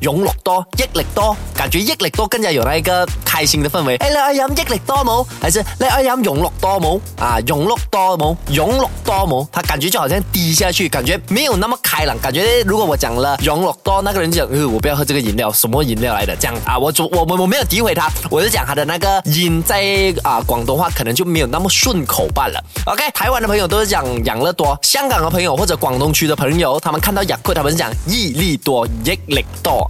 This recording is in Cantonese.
養樂多，益力多，感覺益力多更加有那個開心的氛圍。誒、哎，你愛飲益力多冇？還是你愛飲養樂多冇？啊，養樂多冇，養樂多冇，他感覺就好像低下去，感覺沒有那麼開朗。感覺如果我講了養樂多，那個人就講、呃，我不要喝這個飲料，什麼飲料來的？這樣啊，我我我我沒有詆毀他，我就講他的那個音在啊廣東話可能就沒有那麼順口罷了。OK，台灣的朋友都是講養樂多，香港的朋友或者廣東區的朋友，他們看到雅酷，他們是講益力多，益力多。